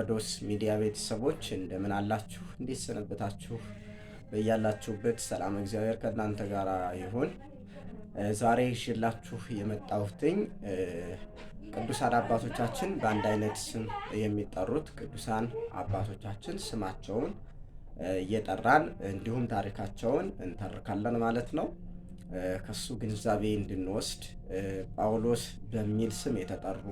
የጳራዶስ ሚዲያ ቤተሰቦች እንደምን አላችሁ? እንዴት ሰነበታችሁ? በያላችሁበት ሰላም እግዚአብሔር ከእናንተ ጋር ይሁን። ዛሬ ይዤላችሁ የመጣሁትኝ ቅዱሳን አባቶቻችን በአንድ አይነት ስም የሚጠሩት ቅዱሳን አባቶቻችን ስማቸውን እየጠራን እንዲሁም ታሪካቸውን እንተርካለን ማለት ነው። ከሱ ግንዛቤ እንድንወስድ ጳውሎስ በሚል ስም የተጠሩ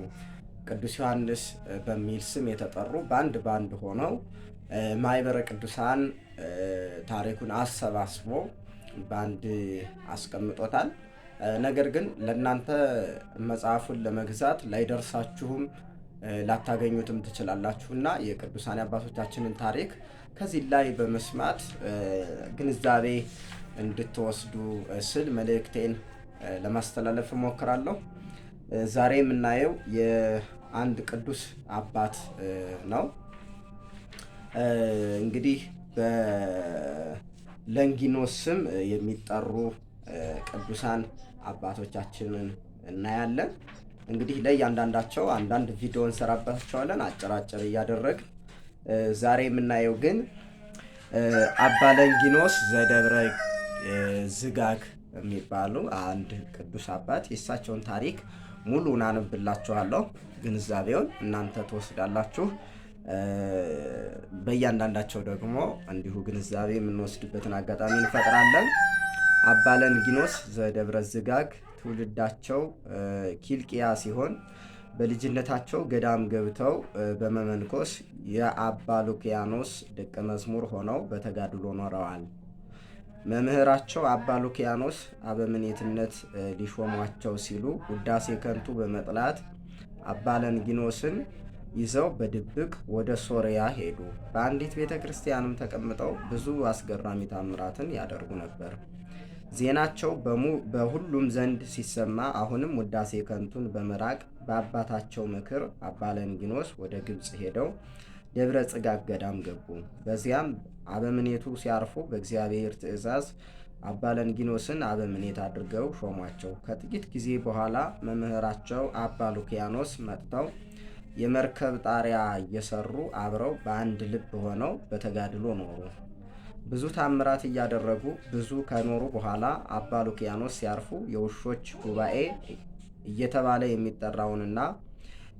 ቅዱስ ዮሐንስ በሚል ስም የተጠሩ በአንድ በአንድ ሆነው ማይበረ ቅዱሳን ታሪኩን አሰባስቦ በአንድ አስቀምጦታል። ነገር ግን ለእናንተ መጽሐፉን ለመግዛት ላይደርሳችሁም ላታገኙትም ትችላላችሁ እና የቅዱሳን አባቶቻችንን ታሪክ ከዚህ ላይ በመስማት ግንዛቤ እንድትወስዱ ስል መልእክቴን ለማስተላለፍ እሞክራለሁ። ዛሬ የምናየው አንድ ቅዱስ አባት ነው። እንግዲህ በለንጊኖስ ስም የሚጠሩ ቅዱሳን አባቶቻችንን እናያለን። እንግዲህ ለእያንዳንዳቸው አንዳንድ ቪዲዮ እንሰራባቸዋለን አጭር አጭር እያደረግ ዛሬ የምናየው ግን አባ ለንጊኖስ ዘደብረ ዝጋግ የሚባሉ አንድ ቅዱስ አባት የእሳቸውን ታሪክ ሙሉ አነብላችኋለሁ። ግንዛቤውን እናንተ ትወስዳላችሁ። በእያንዳንዳቸው ደግሞ እንዲሁ ግንዛቤ የምንወስድበትን አጋጣሚ እንፈጥራለን። አባለን ጊኖስ ዘደብረ ዝጋግ ትውልዳቸው ኪልቅያ ሲሆን በልጅነታቸው ገዳም ገብተው በመመንኮስ የአባ ሉኪያኖስ ደቀ መዝሙር ሆነው በተጋድሎ ኖረዋል። መምህራቸው አባ ሉኪያኖስ አበምኔትነት ሊሾሟቸው ሲሉ ውዳሴ ከንቱ በመጥላት አባ ለንጊኖስን ይዘው በድብቅ ወደ ሶሪያ ሄዱ። በአንዲት ቤተ ክርስቲያንም ተቀምጠው ብዙ አስገራሚ ታምራትን ያደርጉ ነበር። ዜናቸው በሁሉም ዘንድ ሲሰማ አሁንም ውዳሴ ከንቱን በመራቅ በአባታቸው ምክር አባ ለንጊኖስ ወደ ግብፅ ሄደው ደብረ ጽጋብ ገዳም ገቡ። በዚያም አበምኔቱ ሲያርፉ በእግዚአብሔር ትእዛዝ አባ ለንጊኖስን አበምኔት አድርገው ሾሟቸው። ከጥቂት ጊዜ በኋላ መምህራቸው አባ ሉኪያኖስ መጥተው የመርከብ ጣሪያ እየሰሩ አብረው በአንድ ልብ ሆነው በተጋድሎ ኖሩ። ብዙ ታምራት እያደረጉ ብዙ ከኖሩ በኋላ አባ ሉኪያኖስ ሲያርፉ የውሾች ጉባኤ እየተባለ የሚጠራውንና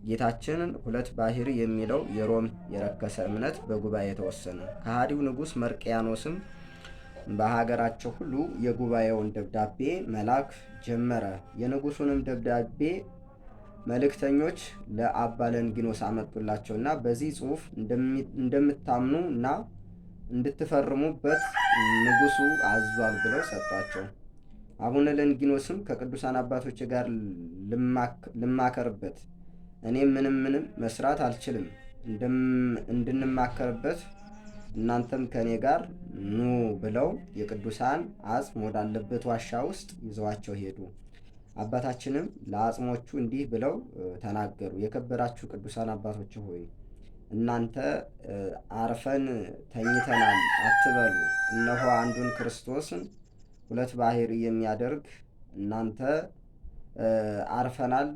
ጌታችንን ሁለት ባህሪ የሚለው የሮም የረከሰ እምነት በጉባኤ ተወሰነ። ከሃዲው ንጉሥ መርቅያኖስም በሀገራቸው ሁሉ የጉባኤውን ደብዳቤ መላክ ጀመረ። የንጉሱንም ደብዳቤ መልእክተኞች ለአባ ለንጊኖስ አመጡላቸውና በዚህ ጽሑፍ እንደምታምኑ እና እንድትፈርሙበት ንጉሱ አዟል ብለው ሰጧቸው። አቡነ ለንጊኖስም ከቅዱሳን አባቶች ጋር ልማከርበት እኔም ምንም ምንም መስራት አልችልም። እንድንማከርበት እናንተም ከእኔ ጋር ኑ ብለው የቅዱሳን አጽም ወዳለበት ዋሻ ውስጥ ይዘዋቸው ሄዱ። አባታችንም ለአጽሞቹ እንዲህ ብለው ተናገሩ። የከበራችሁ ቅዱሳን አባቶች ሆይ እናንተ አርፈን ተኝተናል አትበሉ። እነሆ አንዱን ክርስቶስን ሁለት ባሕሪ የሚያደርግ እናንተ አርፈናል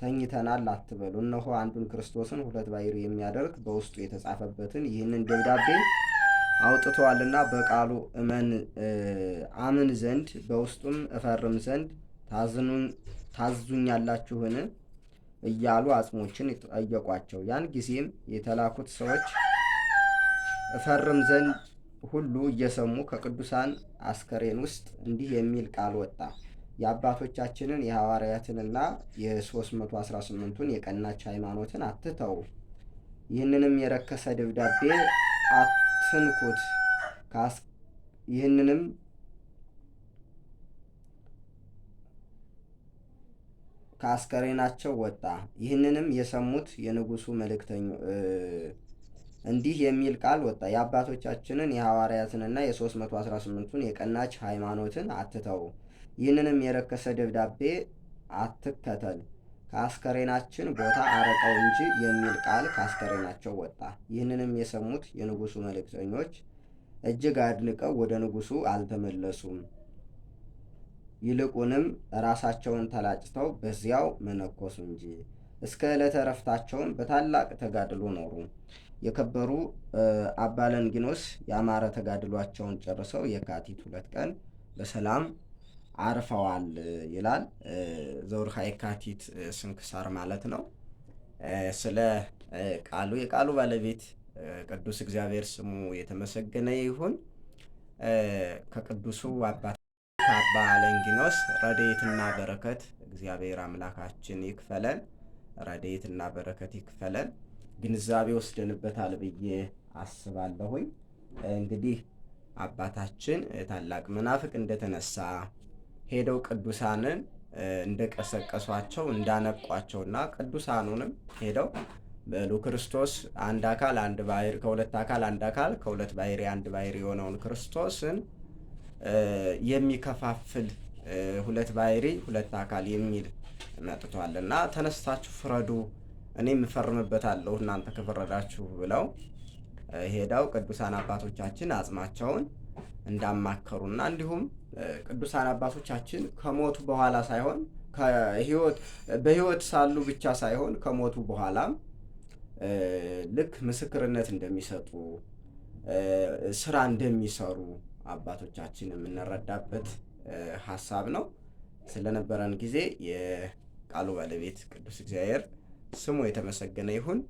ተኝተናል አትበሉ። እነሆ አንዱን ክርስቶስን ሁለት ባሕርይ የሚያደርግ በውስጡ የተጻፈበትን ይህንን ደብዳቤ አውጥተዋልና በቃሉ እመን አምን ዘንድ በውስጡም እፈርም ዘንድ ታዙኛላችሁን? እያሉ አጽሞችን ጠየቋቸው። ያን ጊዜም የተላኩት ሰዎች እፈርም ዘንድ ሁሉ እየሰሙ ከቅዱሳን አስከሬን ውስጥ እንዲህ የሚል ቃል ወጣ። የአባቶቻችንን የሐዋርያትንና የ318ቱን የቀናች ሃይማኖትን አትተው፣ ይህንንም የረከሰ ደብዳቤ አትንኩት፣ ይህንንም ከአስከሬናቸው ወጣ። ይህንንም የሰሙት የንጉሱ መልእክተኞ እንዲህ የሚል ቃል ወጣ። የአባቶቻችንን የሐዋርያትንና የ318ቱን የቀናች ሃይማኖትን አትተው፣ ይህንንም የረከሰ ደብዳቤ አትከተል፣ ከአስከሬናችን ቦታ አረቀው እንጂ የሚል ቃል ከአስከሬናቸው ወጣ። ይህንንም የሰሙት የንጉሱ መልእክተኞች እጅግ አድንቀው ወደ ንጉሱ አልተመለሱም። ይልቁንም ራሳቸውን ተላጭተው በዚያው መነኮሱ እንጂ እስከ ዕለተ ረፍታቸውን በታላቅ ተጋድሎ ኖሩ። የከበሩ አባለንጊኖስ የአማረ ተጋድሏቸውን ጨርሰው የካቲት ሁለት ቀን በሰላም አርፈዋል ይላል ዘውርሃ የካቲት ስንክሳር ማለት ነው። ስለ ቃሉ የቃሉ ባለቤት ቅዱስ እግዚአብሔር ስሙ የተመሰገነ ይሁን። ከቅዱሱ አባት ከአባ ረድኤትና በረከት እግዚአብሔር አምላካችን ይክፈለን። ረድኤትና በረከት ይክፈለን። ግንዛቤ ወስደንበታል ብዬ አስባለሁኝ። እንግዲህ አባታችን ታላቅ መናፍቅ እንደተነሳ ሄደው ቅዱሳንን እንደቀሰቀሷቸው እንዳነቋቸውና ቅዱሳኑንም ሄደው በሉ ክርስቶስ አንድ አካል አንድ ባህሪ ከሁለት አካል አንድ አካል ከሁለት ባህሪ አንድ ባህሪ የሆነውን ክርስቶስን የሚከፋፍል ሁለት ባህሪ ሁለት አካል የሚል መጥቷልና ተነስታችሁ ፍረዱ እኔ የምፈርምበታለሁ እናንተ ከፈረዳችሁ ብለው ሄደው ቅዱሳን አባቶቻችን አጽማቸውን እንዳማከሩና እንዲሁም ቅዱሳን አባቶቻችን ከሞቱ በኋላ ሳይሆን በህይወት ሳሉ ብቻ ሳይሆን ከሞቱ በኋላም ልክ ምስክርነት እንደሚሰጡ ስራ እንደሚሰሩ አባቶቻችን የምንረዳበት ሀሳብ ነው። ስለነበረን ጊዜ የቃሉ ባለቤት ቅዱስ እግዚአብሔር ስሙ የተመሰገነ ይሁን።